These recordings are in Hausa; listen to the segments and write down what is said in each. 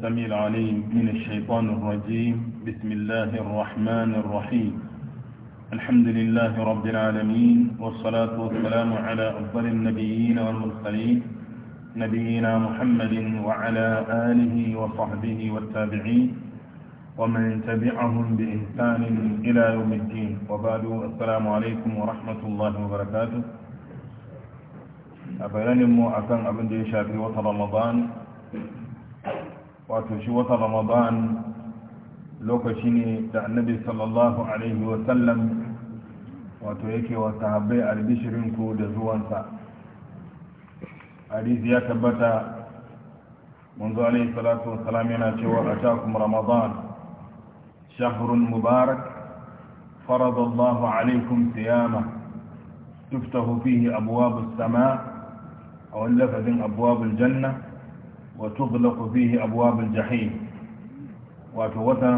السميع العليم من الشيطان الرجيم بسم الله الرحمن الرحيم الحمد لله رب العالمين والصلاة والسلام على أفضل النبيين والمرسلين نبينا محمد وعلى آله وصحبه والتابعين ومن تبعهم بإحسان إلى يوم الدين وبعد السلام عليكم ورحمة الله وبركاته a مو أكن أبن abin da ya shafi wato shi wata ramadan lokaci ne da annabi sallallahu alaihi wasallam wato yake wa sahabbai albishirinku da zuwansa hadisi ya tabbata منذ عليه الصلاة والسلام يناتي أتاكم رمضان شهر مبارك فرض الله عليكم صيامه تفتح فيه أبواب السماء أو اللفظ أبواب الجنة وتغلق فيه أبواب الجحيم وتوتى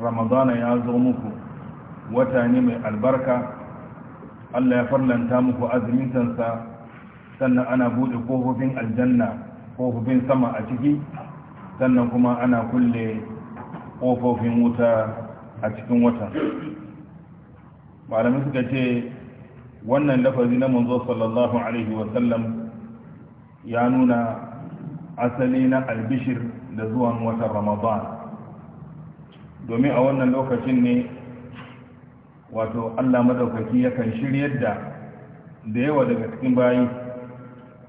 رمضان يا زومكو وتانيم البركة الله يفرلن تامك أزمين تنسى سنة أنا بود قوه بين الجنة قوه بين سما أتكي سنة كما أنا كل قوه في موتى أتكي وتا malamai suka ce wannan lafazi na manzo sallallahu alaihi wasallam ya nuna asali na albishir da zuwan watan ramadan domin a wannan lokacin ne wato allah madaukaki yakan shiryar da da yawa daga cikin bayi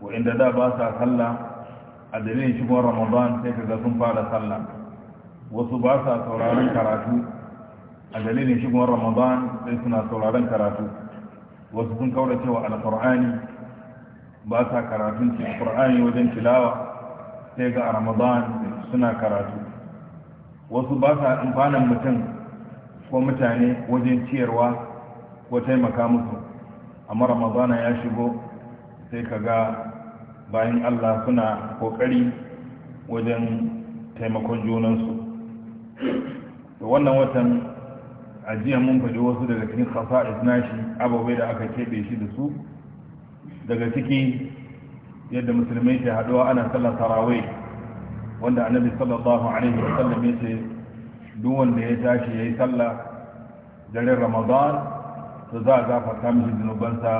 waɗanda da ba sa sallah a dalilin shigon ramadan sai kaga sun fara sallah wasu ba sa sauraron karatu a dalilin shigon ramadan sai suna sauraron karatu wasu sun kaura cewa alkur'ani ba sa karatun alkur'ani wajen tilawa sai ga ramadan suna karatu wasu ba sa amfanan mutum ko mutane wajen ciyarwa ko taimaka musu amma ramadana ya shigo sai ka ga bayan allah suna kokari wajen taimakon junansu da wannan watan ajiya mun faɗi wasu daga cikin khasa'is nashi abubuwa da aka keɓe shi da su daga ciki yadda musulmai ke haduwa ana sallar tarawai wanda annabi sallallahu alaihi wa sallam ya ce duk wanda ya tashi ya yi sallah daren ramadan to za a gafarta mishi zunubansa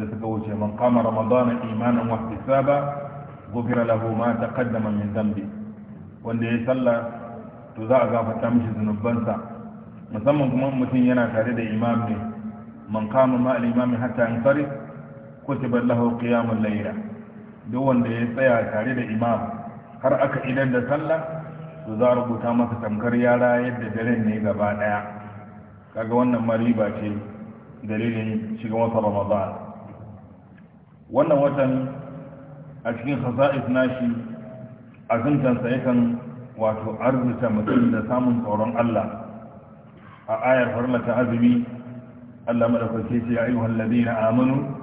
da suka wuce man kama ramadan imanan wa hisaba gufira lahu ma taqaddama min dhanbi wanda ya yi sallah to za a gafarta mishi zunubansa musamman kuma mutum yana tare da imam ne man kama ma al-imami hatta yansarif kutiba lahu qiyamul layla duk wanda ya tsaya tare da imam har aka idan da sallah su za a rubuta masa tamkar yara yadda daren ne gaba daya kaga wannan mariba ce dalilin shiga wata ramadan wannan watan a cikin khasa'is nashi azuntansa yakan wato arzuta mutum da samun tsoron Allah a ayar farlata azumi Allah madaukake ce ya ayyuhal ladina amanu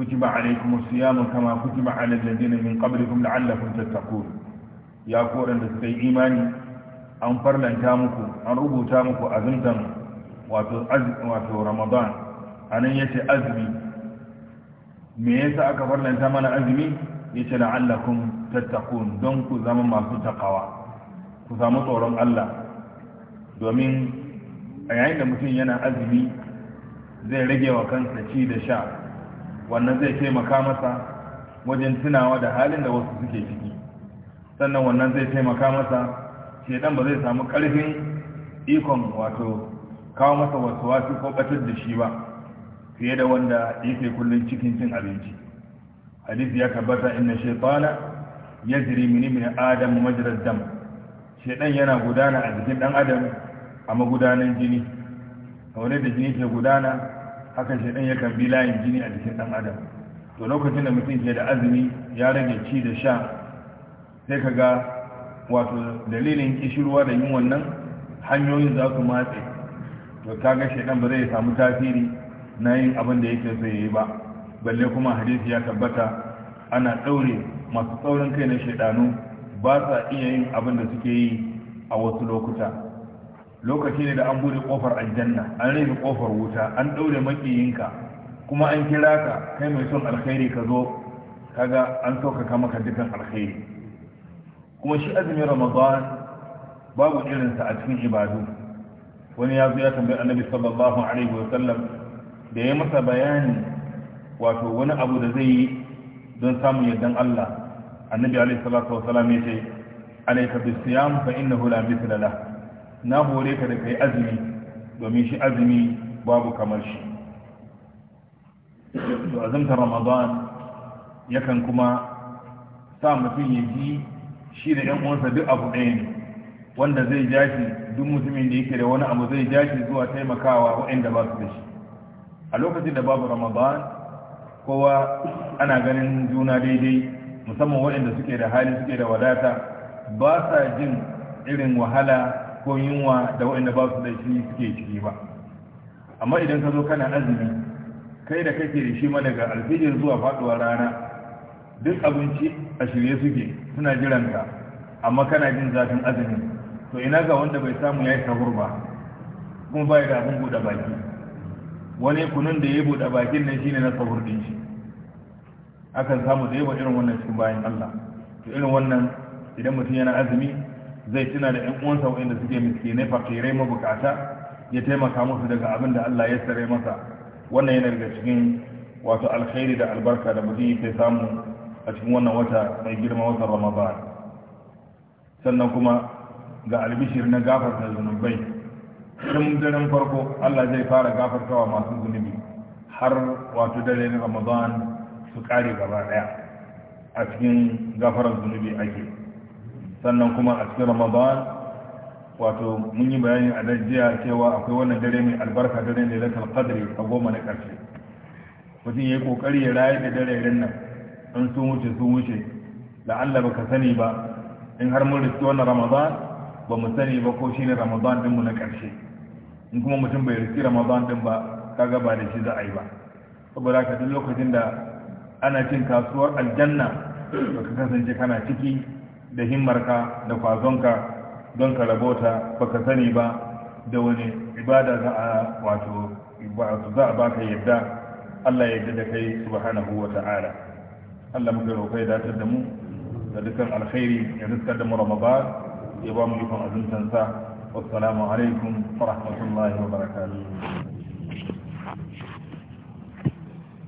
كتب عليكم الصيام كما كتب على الذين من قبلكم لعلكم تتقون يا كورن دسكي إيماني أن فرلن تامكو أن ربو تامكو أذنتم واتو رمضان أن يتي أزمي me yasa aka farlanta mana azumi yace la'allakum tattaqun don ku zama masu takawa ku samu tsoron Allah domin a yayin da mutum yana azumi zai rage wa kansa ci da sha wannan zai taimaka masa wajen tunawa da halin da wasu suke ciki sannan wannan zai taimaka masa shedan ba zai samu karfin ikon wato kawo masa wasu wasu ko batar da shi ba fiye da wanda yake kullum cikin cin abinci hadisi ya tabbata inna shaytana yajri min adam majra dam shedan yana gudana a jikin dan adam a magudanan jini kamar da jini ke gudana shi ɗan yakan bi layin jini a jikin ɗan adam to lokacin da mutum ke da azumi ya rage ci da sha sai ka ga wato dalilin kishirwa da yin wannan hanyoyin za su matse to kaga ɗan ba zai samu tasiri na yin abin da yake so yi ba balle kuma hadisi ya tabbata ana ɗaure masu tsaurin kai na shaidanu ba sa iya yin abin da suke yi a wasu lokuta lokaci ne da an bude kofar aljanna an rufe kofar wuta an daure makiyinka kuma an kira ka kai mai son alkhairi ka zo kaga an saukaka maka dukan alkhairi kuma shi azumin ramadan babu irinsa a cikin ibadu wani ya zo ya tambayi annabi sallallahu alaihi wa sallam da ya masa bayani wato wani abu da zai yi don samun yardan Allah annabi alaihi salatu wa sallam ya ce alayka bisiyam fa innahu la mithla lahu na hore ka da kai azumi domin shi azumi babu kamar shi to azumta ramadan yakan kuma sa mutum ya ji shi da yan uwansa duk abu ɗaya ne wanda zai ja shi duk mutumin da yake da wani abu zai ja shi zuwa taimakawa waɗanda ba su da shi a lokacin da babu ramadan kowa ana ganin juna daidai musamman waɗanda suke da hali suke da wadata ba sa jin irin wahala ko yunwa da waɗanda ba su da shi suke ciki ba amma idan ka zo kana azumi kai da kake da shi ma daga alfijir zuwa faɗuwar rana duk abinci a shirye suke suna jiran ka amma kana jin zafin azumi to ina ga wanda bai samu ya yi sahur ba kuma bai da abin buɗe baki wani kunun da ya buɗe bakin nan shine na sahur din shi akan samu da yawa irin wannan cikin bayan Allah to irin wannan idan mutum yana azumi zai tuna da 'yan uwansa waɗanda suke miskinai fakirai mabukata ya taimaka musu daga abin da Allah ya sare masa wannan yana daga cikin wato alkhairi da albarka da mutum yake samu a cikin wannan wata mai girma wata ramadan sannan kuma ga albishir na gafarta zunubai tun daren farko Allah zai fara gafartawa masu zunubi har wato dare na ramadan su kare gaba daya a cikin gafarar zunubi ake sannan kuma a cikin ramadan wato mun yi bayani a dajiya cewa akwai wannan dare mai albarka dare ne lakal qadri a goma na karshe mutum ya yi kokari ya raye da dare nan in sun wuce sun wuce la'alla ka sani ba in har mun riski wannan ramadan ba mu sani ba ko shi ne ramadan din mu na karshe in kuma mutum bai riski ramadan din ba kaga ba da shi za a yi ba saboda ka duk lokacin da ana cin kasuwar aljanna ka kasance kana ciki da himmarka da kwazonka don ka rabota baka sani ba da wani ibada za a wato za a baka yadda Allah ya yadda da kai subhanahu wa ta'ala Allah muka roƙa ya datar da mu da dukkan alkhairi ya riskar da mu Ramadan ya ba mu ikon azuntansa wassalamu alaikum wa rahmatullahi wa barakatuh